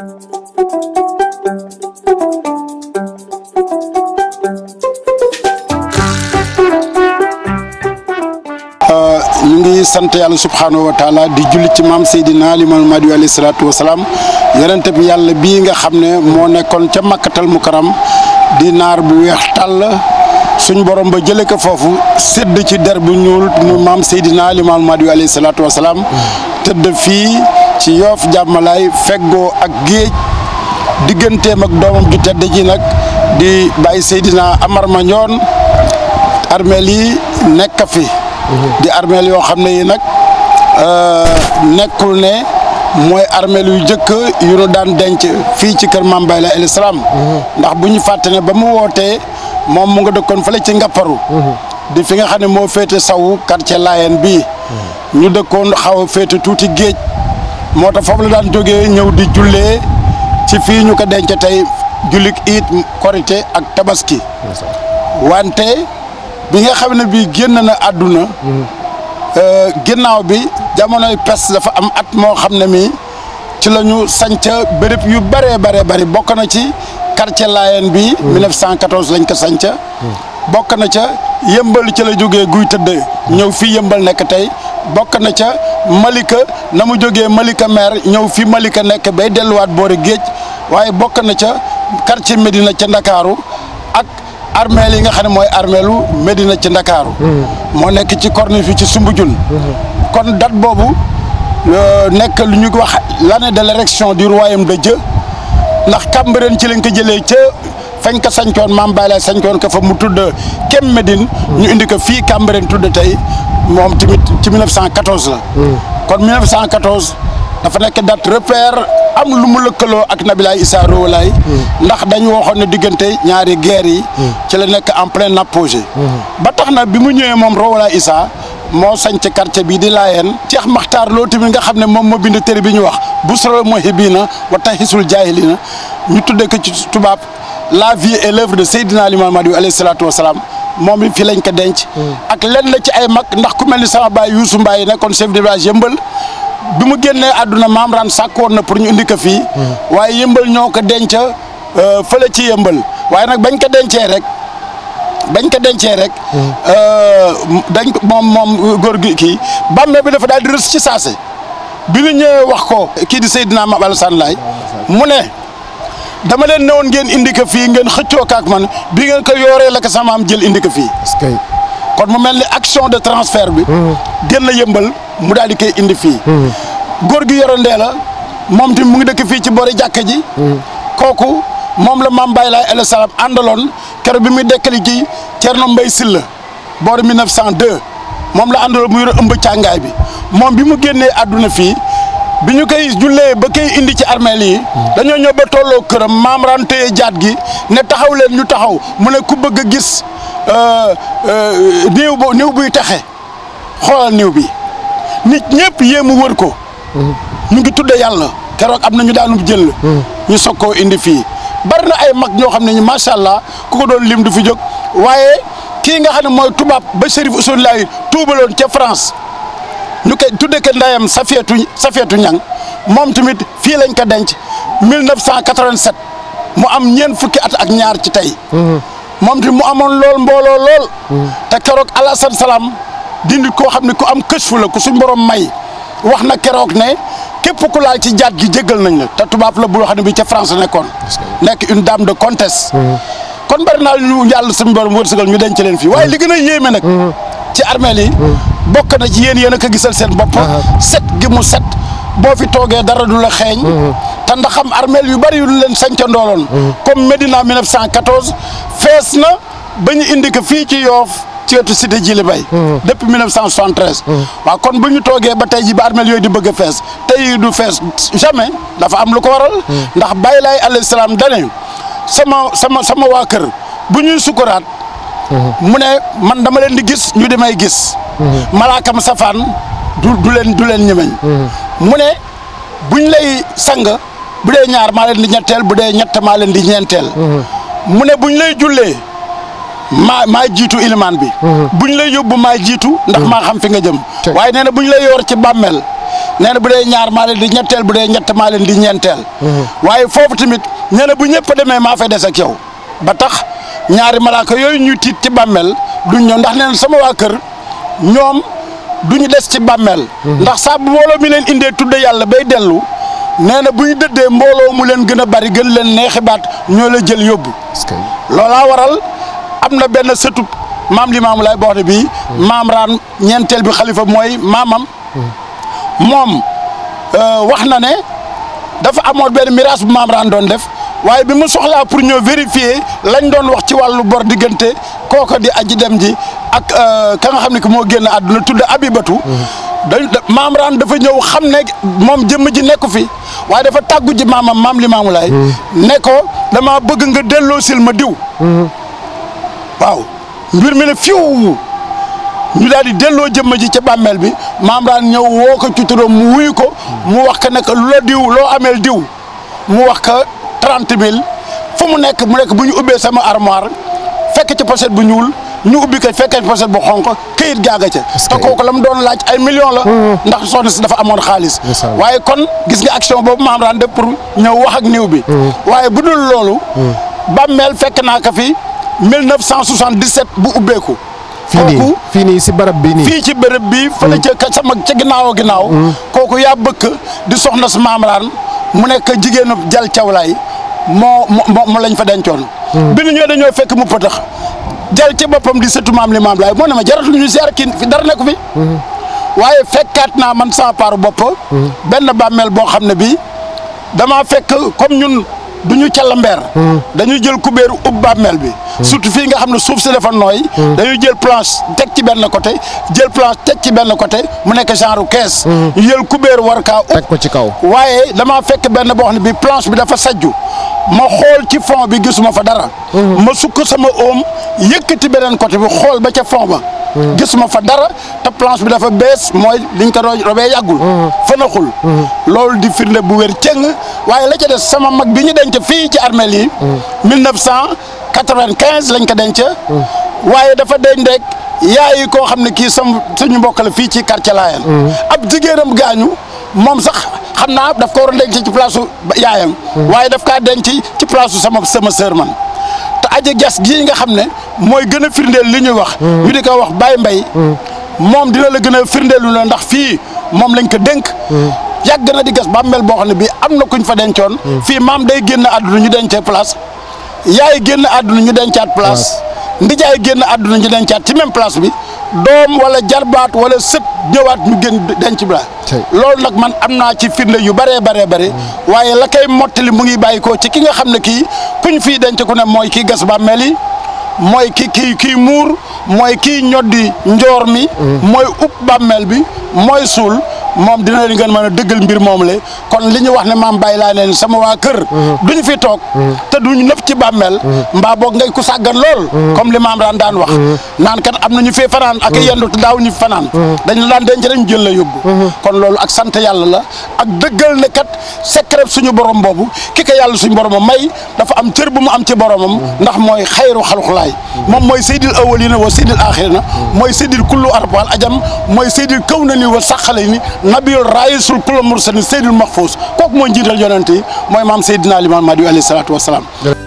ñu ngi sant yàlla subhaanahu wa di jullit ci maam Seydina Limaamul Mahdi alayhi salaatu wa yàlla bii nga xam ne moo nekkoon ca makkatal mukaram di naar bu weex tàll suñ borom ba jële ko foofu sedd ci der bu ñuul mu maam Seydina Limaamul Mahdi alayhi salaatu tëdd fii. ci yoof jàmmalaay feggoo ak géej digganteem ak doomam ju tedd ji nag di bay Seydina Amar Mandione armeel yi nekk fi di armeel yoo xam ne yi nag euh, nekkul ne mooy armeel yu jëkk yu nu daan denc fii ci kër Mame la Laye alayhi ndax bu ñu fàtte ba mu wootee moom mu nga dëkkoon fële ci ngapparu di fi nga xam ne moo féete sawu quartier Layène bii ñu dëkkoon xaw féete tuuti géej moo tax foofu la daan jógee ñëw di jullee ci fii ñu ko denc tey jullik iit korite ak tabaski wante bi nga xam ne bii génn na àdduna euh, ginnaaw bi jamonoy pes dafa am at moo xam ne mii ci la ñu sanc béréb yu bëree bare bari bokk na ci quartier Layène bi 1914 lañ ko sanc bokk na ca yëmbal ci la jóge guy tëdd ñëw fii yëmbal nekk tey bokk na ca Malika na mu jógee Malika mer ñëw fi Malika nekk bay delluwaat boori géej waaye bokk na ca quartier Médina ca Ndakaaru ak armeel yi nga xam ne mooy armeelu Médina ca Ndakaaru hmm. moo nekk ci corniche fi ci Soumbédioune hmm. kon date boobu euh, nekk lu ñu wax lane de l'érection du royaume de Dieu ndax Cambérène ci lañ ko jëlee ca fañ ko sañcoon Maam Baay la sañcoon ko fa mu tudd Kem Médine hmm. ñu indi ko fii Cambérène tudd tey moom tamit ci 1914 la. Hmm. kon 1914 dafa nekk date repère am lu mu lëkkaloo ak Nabilaay Issa Roholaye hmm. ndax dañu waxoon ne diggante ñaari guerre yi. Hmm. ci la nekk en plein apogée. ba tax na bi mu ñëwee moom Roholaye Issa moo sañc quartier bi di Laayeen. Cheikh Makhtar Lo tamit nga xam ne moom moo bind téere bi ñu wax Busral Muhibbina wa Tahisul Jaahilina ñu tuddee ko ci tubaab la vie et de Seydina Limamou Laye alayhi salaatu wa salaam. moom it fi lañ ko denc. Mm. ak lenn la ci ay mag ndax ku mel ni sama baay Youssou Mbaye nekkoon kon de village yëmbal bi mu génnee àdduna maam ran woon na pour ñu indi ko fii. Mm. waaye yëmbal ñoo ko denc euh, fële ci yëmbal waaye nag bañ ko dencee rek. bañ ko dencee rek. Mm. Euh, dañ ko moom moom góor gi kii bàmmee bi dafa daal di rës ci saase bi ñu ñëwee wax ko. kii di Seydina Mame Alassane Laye mu ne. dama leen newoon ngeen indi ko fii ngeen xëccoo kaak man bi ngeen ko yooree la ko sama am jël indi ko fii. kon mu mel ni action de transfert bi. Mhm. gën la yëmbal mu daal di koy indi fii. Mhm. góor gi yoro ndee la moom tamit mu ngi dëkk fii ci boori jàkka ji. Mhm. kooku moom la maam Baye Laye alayhi salaam àndaloon keroog bi muy dekkali ji Thierno Mbaye Sylla boori 1902 moom la àndaloon mu yor ëmb càngaay bi moom bi mu génnee àdduna fii. bi ñu koy jullee ba koy indi ci armeel yi dañoo ñëw ba tolloo këram maam jaat gi ne taxaw leen ñu taxaw mu ne ku bëgg a gis euh, euh, néew bo néew buy taxe xoolal néew bi nit ñëpp mu wër ko mm-hmm. ñu ngi tudde yàlla keroog am na ñu daanu jël mm-hmm. ñu soog koo indi fii bari na ay mag ñoo xam ne ñu macha allah ku ko doon lim du fi jóg waaye kii nga xam ne mooy tubaab ba Chérif Ousseynou Laye tuubaloon ca France ñu koy tudde ko ndeyam Safiatou Safiatou Niang moom tamit fii lañ ko denc 1987 mu am ñeen fukki at ak ñaar ci tey. Mhm. moom tamit mu amoon lool mbooloo lool. Mhm. te keroog Alassane Salam dindi koo xam ne ku am kës fu la ku suñ borom may wax na keroog ne képp ku laal ci jaat gi jéggal nañ la te tubaab la boo xam ne bi ca France nekkoon. nekk une dame de contest mhm. kon bari naa ñu yàlla suñu borom wërsëgal ñu denc leen fii waaye li gën a yéeme nag. ci armeel yi bokk na ci yéen ak a gisal seen bopp set gi mu set boo fi toogee dara du la xeeñ te ndax xam armeel yu bari yu leen sañca ndooloon comme Médina 1914 fees na ba ñu indi ko fii ci yoof ci wetu cité Djily Mbaye depuis 1973 waa kon bu ñu toogee ba tey ji ba armeel yooyu di bëgg a fees tey du fees jamais dafa am lu ko waral ndax bàyyi laay alayhi salaam dane sama sama sama waa kër bu ñuy sukuraat mu ne man dama leen di gis ñu di may gis. malaakam safaan du leen du leen ñemeñ. mu ne buñ lay sang bu dee ñaar maa leen di ñetteel bu dee ñett maa leen di ñeenteel. mu ne buñ lay jullee maa maa jiitu ilimaan bi. buñ lay yóbbu maa jiitu. ndax maa xam fi nga jëm. waaye nee na buñ lay yor ci bàmmeel. nee na bu dee ñaar maa leen di ñetteel bu dee ñett maa leen di ñeenteel. waaye foofu tamit nee bu ñëpp demee maa fay des ak yow ba tax. ñaari malaaka yooyu ñu tiit ci bammeel duñ ñëw ndax neen sama waa kër ñoom duñu des ci bàmmeel mhm. ndax saa bu mbooloo mi leen indee tudde yàlla bay dellu nee na bu ñu dëddee mbooloo mu leen gën a bari gën leen neexi baat ñoo la jël yóbbu loola waral am na benn sëtub maam Limaamu Laay boo xam ne bii mhm. maam raan ñeenteel bi xalifa mooy maamam mhm. moom euh, wax na ne dafa amoon benn miraas bu maam raan doon def waaye bi mu soxlaa pour ñëw vérifier lañ doon wax ci wàllu bor diggante kooka di aji dem ji ak euh, ka nga xam ne que moo génn àdduna tudd abibatu dañ maam raan dafa ñëw xam ne moom jëmm ji nekku fi waaye dafa tàggu ji maamam maam li maamu laay ne ko dama bëgg nga delloo silma ma diw waaw mbir mi ne fiw ñu daal di delloo jëmm ji ca bàmmeel bi maam raan ñëw woo ko ci turam mu wuyu ko mu wax ka ne ko loo diw loo ameel diw mu wax ka trente fu mu nekk mu nekk bu ñu ubbee sama armoire fekk ci pochette bu ñuul ñu ubbi ko fekkee pochette bu xonq këyit gaaga ca te kooku la mu doon laaj ay millions la mm-hmm. ndax soxna si dafa amoon xaalis waaye kon gis nga action boobu ma am daan def pour ñëw wax ak néew bi mm-hmm. waaye bu dul loolu mm-hmm. bàmmeel fekk naa ko fi bu ubbeeku kooku fii nii si barab bi nii fii ci bërëb bi fële ca sama ca ginnaaw ginnaaw kooku yaa bëkk di soxna si maamraan mu nekk jigéenu jal cawlaay moo moo moo lañ fa dencoon. Hmm. bi ñu ñëwee dañoo fekk mu pëtax jal ci boppam di sëtu maam li maam laay moo ne ma jaratul ñu ziar kii fi dara nekk fi. Hmm. waaye fekkaat naa man sama paaru bopp. Hmm. benn bàmmeel boo xam ne bii damaa fekk comme ñun. du ñu calambeer hmm. dañuy jël kubéeru ub bàmmeel bi hmm. surtout fii nga xam ne suuf si dafa nooy hmm. dañuy jël planche teg ci benn côté jël planche teg ci benn côté mu nekk genre kees ñu jël kubéeru war kaa ub ko ci kaw waaye damaa fekk benn boo xam ne bi planche bi dafa sajju ma xool ci fond bi gisuma fa dara ma sukk sama oom yëkkati beneen côté bi xool ba ca fond ba gisuma fa dara te planche bi dafa bees mooy liñ ko robee yàggul mm-hmm. fënaxul mm-hmm. loolu di firnde bu wér cëng waaye la ca des sama mag bi ñu denc fii ci armeel yi mm-hmm. mille neuf cent lañ ko denc waaye dafa denc rek yaay koo xam ne kii sam suñu mbokk fii ci quartier Laayeen ab jigéenam moom sax xam naa daf ko war ci place yaayam waaye daf kaa denc ci place su sama sama sœur man te aji gas gii nga xam ne mooy gën a firndeel li ñuy wax. Mm. ñu di ko wax Baye mbay mm. moom dina la gën a firndeel lu ne ndax fii moom lañ ko dénk. Mm. yàgg na di gas bàmmeel boo xam ne bii am na kuñ fa dencoon. fii maam day génn àdduna ñu dencee place. yaay génn àdduna ñu dencaat place. ndijaay génn àdduna ñu dencaat ci même place bi. doom wala jarbaat wala sët ñëwaat ñu gën denc bi la loolu nag man am naa ci firnde yu bëree baree bëri waaye la koy mottali mu ngi bàyyi koo ci ki nga xam ne kii fii denc ku ne mooy kii gas bàmmeel yi mooy ki kii kii muur mooy kii ñoddi njoor mi mm. mooy ub bàmmeel bi mooy suul moom dina leen gën mën a dëggal mbir moom la kon li ñu wax ne maam bàyyi laa leen sama waa kër mhm. ñu fi toog mhm. te ñu nëpp ci bàmmeel mhm. mbaa boog ngay ku sàggan lool comme li maam daan daan wax naan kat am na ñu fee fanaan ak yendu te daaw ñu fanaan dañu la daan denc dañu jël la yóbbu kon loolu ak sant yàlla la ak dëggal ne kat secret suñu borom boobu ki ko yàlla suñu boromam may dafa am cër bu mu am ci boromam ndax mooy xayru xaluxlaay moom mooy seydil awalina wa seydil axirina mooy seydil kullu arabal ajam mooy seydil kaw na ni wa sàqale ni nabiyul raisul kula mursalin seydul mahfous kooku mooy njiital yonente yi mooy maam seydina limaam Mahdi alayhi salaatu wasalaam